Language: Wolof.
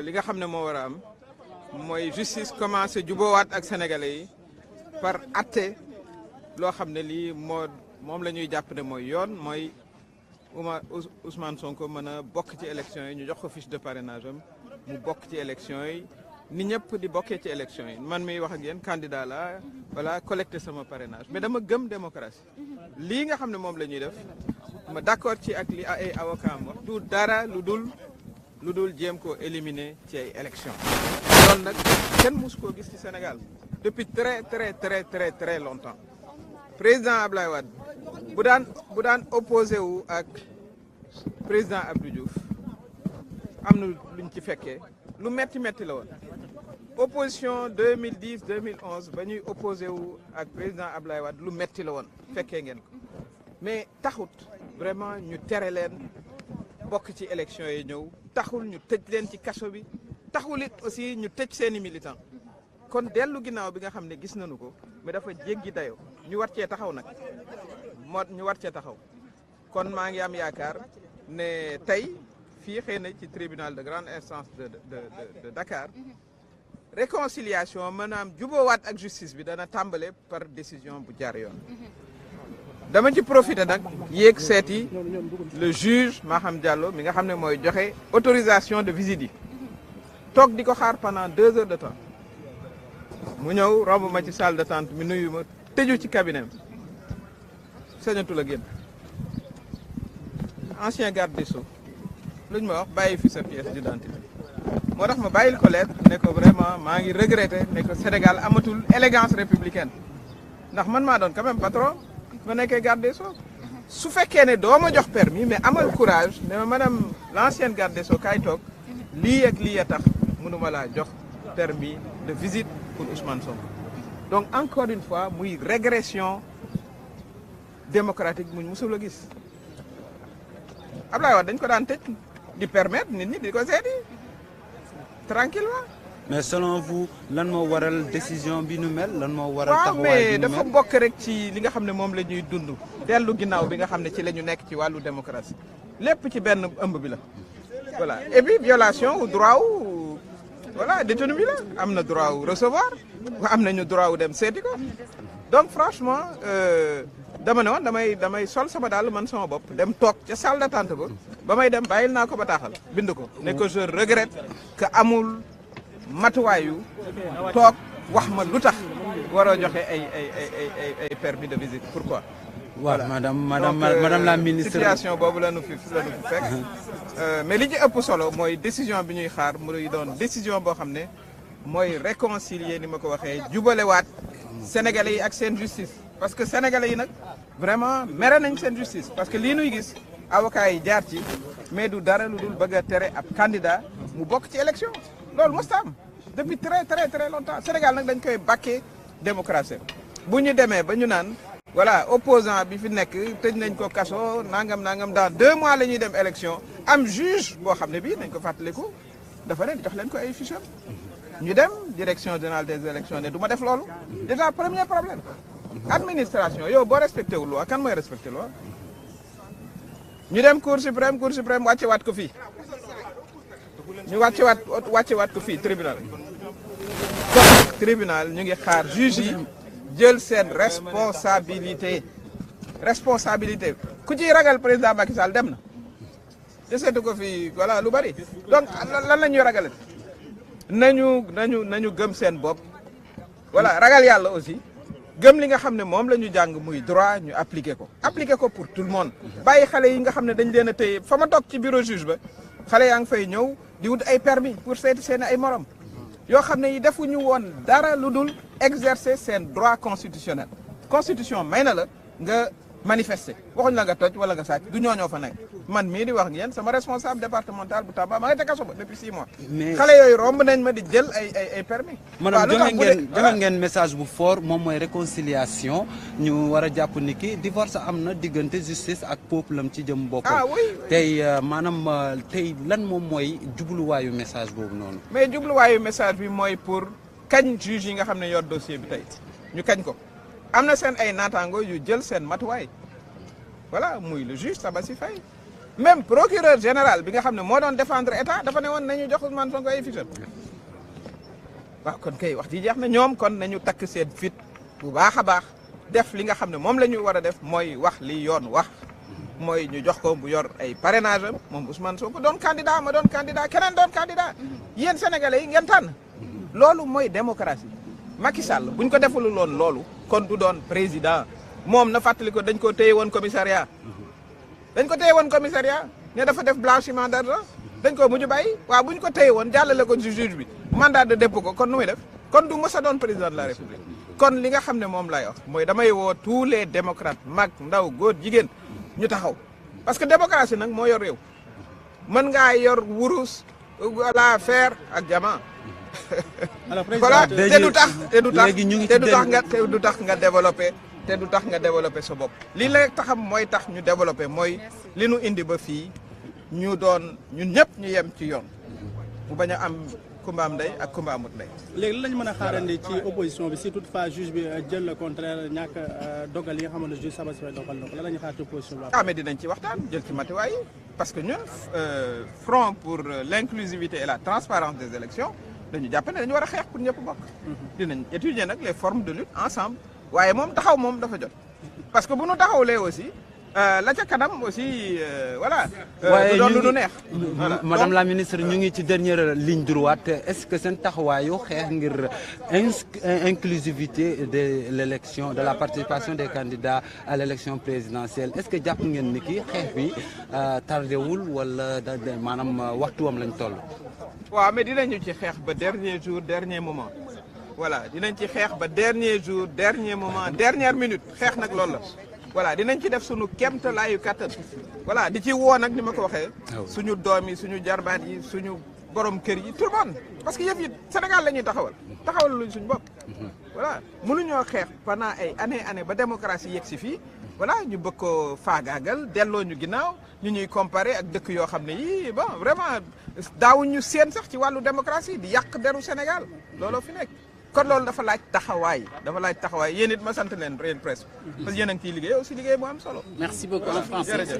li nga xam ne moo war a am mooy justice commencé juboowaat ak sénégalais yi par atte loo xam ne lii moo moom la ñuy jàpp ne mooy yoon mooy Ouma Ousmane Sonko mën a bokk ci élection yi ñu jox ko fiche de parrainage mu bokk ci élection yi ni ñëpp di bokkee ci élection yi man miy wax ak yéen candidat la voilà collecté sama parenage mais dama gëm démocratie lii nga xam ne moom la ñuy def ma d'accord ci ak li ay avocat am wax du dara lu dul lu dul jéem koo éliminer ci ay élection loolu nag kenn mus koo gis ci Sénégal depuis très très très très très longtemps président Ablaye Wade bu daan bu daan opposé wu ak président Abdou Diouf am na luñ ci fekkee lu metti metti la woon opposition 2010 2011 ba ñuy opposé wu ak président Ablaye Wade lu metti la woon fekkee ngeen ko mais taxut vraiment ñu tere leen bokk ci élection yi ñëw taxul ñu tëj leen ci kaso bi taxul aussi ñu tëj seeni militant kon dellu ginnaaw bi nga xam ne gis nañu ko mais dafa jéggi dayo ñu war cee taxaw nag moo ñu war cee taxaw kon maa ngi am yaakaar ne tey fii xëy na ci tribunal de grande instance de de de Dakar réconciliation maanaam juboowaat ak justice bi dana tàmbale par décision bu jaar yoon dama ci profité nag yéeg seeti le juge xam Diallo mi nga xam ne mooy joxe autorisation de visite yi toog di ko xaar pandant deux heures de temps mu ñëw romb ma ci salle d'attente mi nuyu ma tëju ci cabinet bi sañatu la génn ancien garde des Sceaux lu ma wax bàyyi fi sa pièce d'identité moo tax ma bàyyil ko leet ne ko vraiment maa ngi regretté ne ko Sénégal amatul élégance républicaine ndax man maa doon quand même patron ma nekkee garde des sceaux su fekkee ne doo ma jox permis mais amal courage ne ma madame l'ancienne garde des sceaux kaay toog lii ak lii a tax mënuma laa jox permis de visite pour Ousmane Sonko donc encore une fois muy régression démocratique mu mosul a gis Ablaye Wade dañ ko daan tëj di permettre nit ñi di ko seeti tranquillement mais selon vous lan moo waral décision bi nu mel lan moo waral taxawaay bi nu mel waaw mais dafa bokk rek ci li nga xam ne moom la ñuy dund dellu ginnaaw bi nga xam ne ci la ñu nekk ci wàllu démocratie lépp ci benn ëmb bi la voilà et puis violation droit voilà détenu bi la am na droit wu recevoir am nañu droit wu dem seeti ko donc franchement euh, dama ne woon damay damay sol sama daal man sama bopp dem toog ca salle ba may dem bàyyil naa ko bataaxal bind ko amul matuwaayu toog wax ma lu tax waroo joxe ay ay ay ay permis de visite pourquoi. voilà wala madame madame la euh, ministre situation boobu la nu fi la nu fi fekk. Uh-huh. Euh, mais li ci ëpp solo mooy décision bi ñuy xaar muy doon décision boo xam ne mooy réconcilier ni ma ko waxee jubalewaat sénégalais yi ak seen justice. parce que sénégalais yi nag vraiment mere nañ seen justice parce que lii nuy gis avocats yi jaar ci mais du dara lu dul bëgg a tere ab kandida mu bokk ci élection loolu mosut am depuis très très très longtemps Sénégal nag dañ koy bàkkee démocratie bu ñu demee ba ñu naan voilà opposant bi fi nekk tëj nañ ko kaso nangam nangam dans deux mois la ñuy dem élection am juge boo xam ne bii nañ ko fàttaliku dafa ne jox lañ ko ay fiches ñu dem direction générale des élections ne du ma def loolu déjà premier problème administration yow boo respecté wu loi kan mooy respecté loi ñu dem cour suprême cour suprême wàcce waat ko fii ñu wàcce waat wàcce waat ko fii tribunal kon tribunal ñu ngi xaar juge yi jël seen responsabilité responsabilité ku ciy ragal président Macky Sall dem na deseetu ko fi voilà lu bari donc lan la ñuy ragalati nañu nañu nañu gëm seen bopp voilà ragal yàlla aussi gëm li nga xam ne moom la ñu jàng muy droit ñu appliquer ko appliquer ko pour tout le monde bàyyi xale yi nga xam ne dañ leen a téye fa ma toog ci bureau juge ba xale yaa ngi fay ñëw di wut ay permis pour seeti seen ay morom yoo xam ne yi defuñu woon dara lu dul exercer seen droit constitutionnel constitution may na la nga manifester waxuñ la nga toj wala nga sàcc du ñooñoo fa nekk man mii di wax ak yéen sama responsable départemental bu Tamba ma nga ca kaso ba depuis six mais xale yooyu romb nañ ma di jël ay ay ay permis. waaw lu ah. ngeen message bu foor moom mooy réconciliation ñu war a jàpp ni ki divorce am na diggante justice ak peuple am ci jëm boppam. ah oui tey euh, maanaam euh, tey lan moom mooy jubluwaayu message boobu noonu. mais jubluwaayu message bi mooy pour kañ juge yi nga xam ne yor dossier bi tey ñu kañ ko. am na seen ay naataango yu jël seen matuwaay wala muy le juge Sabassi Faye même procureur général bi nga xam ne moo doon défendre état dafa ne woon nañu jox Ousmane Sonko ay fitam waaw kon kay wax ji jeex na ñoom kon nañu takk seen fit bu baax a baax def li nga xam ne moom la ñu war a def mooy wax li yoon wax mooy ñu jox ko bu yor ay parrainage moom Ousmane Sonko doon candidat ma doon candidat keneen doon candidat yéen sénégalais yi ngeen tànn loolu mooy démocratie Macky Sall buñ ko defalul woon loolu kon du doon président moom na fàttali ko dañ ko téye woon commissariat dañ ko téye woon commissariat ne dafa def blanchiment d'argent dañ ko mujj bay waaw bu ñu ko téye woon jàllale ko ci juge bi mandat de dépôt ko kon nu muy def kon du mës a doon président de la république kon li nga xam ne moom lay wax mooy damay woo tous les démocrates mag ndaw góor jigéen ñu taxaw parce que démocratie nag moo yor réew man ngaa yor wurus la faire ak jama voilà te du tax te du tax te du tax nga te du tax nga développé te du tax nga développé sa bopp li la taxam mooy tax ñu développé mooy li nu indi ba fii ñu doon ñun ñëpp ñu yem ci yoon bu bañ a am Kumba am ndey ak Kumba amut ndey. léegi lan mën a xaarandi ci opposition bi si toutefois juge bi euh, jël le contraire ñàkk euh, dogal yi nga xamante ne juge Sabassy Faye dogal na ko la ñuy xaar ci opposition bi. ah dinañ ci waxtaan jël ci matuwaay parce que ñun euh, front pour l' inclusivité et la transparence des élections dañu jàpp ne dañu war a xeex pour ñëpp bokk. Mhm. dinañ étudier nag les formes de lutte ensemble waaye moom taxaw moom dafa jot parce que bu nu taxawlee aussi euh, la ca kanam aussi euh, voilà. Euh, waaye doon lu neex. madame la ministre ñu ngi ci dernière ligne droite est-ce que seen taxawaayu xeex ngir inclusivité de l'élection de la participation des candidats à l'élection présidentielle est-ce que jàpp ngeen ni ki xeex bi tardewul wala maanaam waxtuwam lañ toll. waaw mais dinañu ci xeex ba dernier jour dernier moment voilà dinañ ci xeex ba dernier jour dernier moment dernière minute xeex nag loolu la voilà dinañ ci def suñu kemtalaayu kattan voilà di ci woo nag ni ma ko waxee ah suñu doom yi suñu jarbaat yi suñu borom kër yi tout le parce que yëf yi Sénégal la ñuy taxawal taxawal luñ suñ bopp voilà mënuñoo xeex pendant ay année année ba démocratie yegg si fii wala ñu bëgg ko faagaagal delloo ñu ginnaaw ñu ñuy comparer ak dëkk yoo xam ne yii bon vraiment daawuñu seen sax ci wàllu démocratie di yàq deru Sénégal looloo fi nekk kon loolu dafa laaj taxawaay dafa laaj taxawaay yéen it ma sant leen yéen presse parce que yéen a ngi ciy liggéey aussi liggéey bu am solo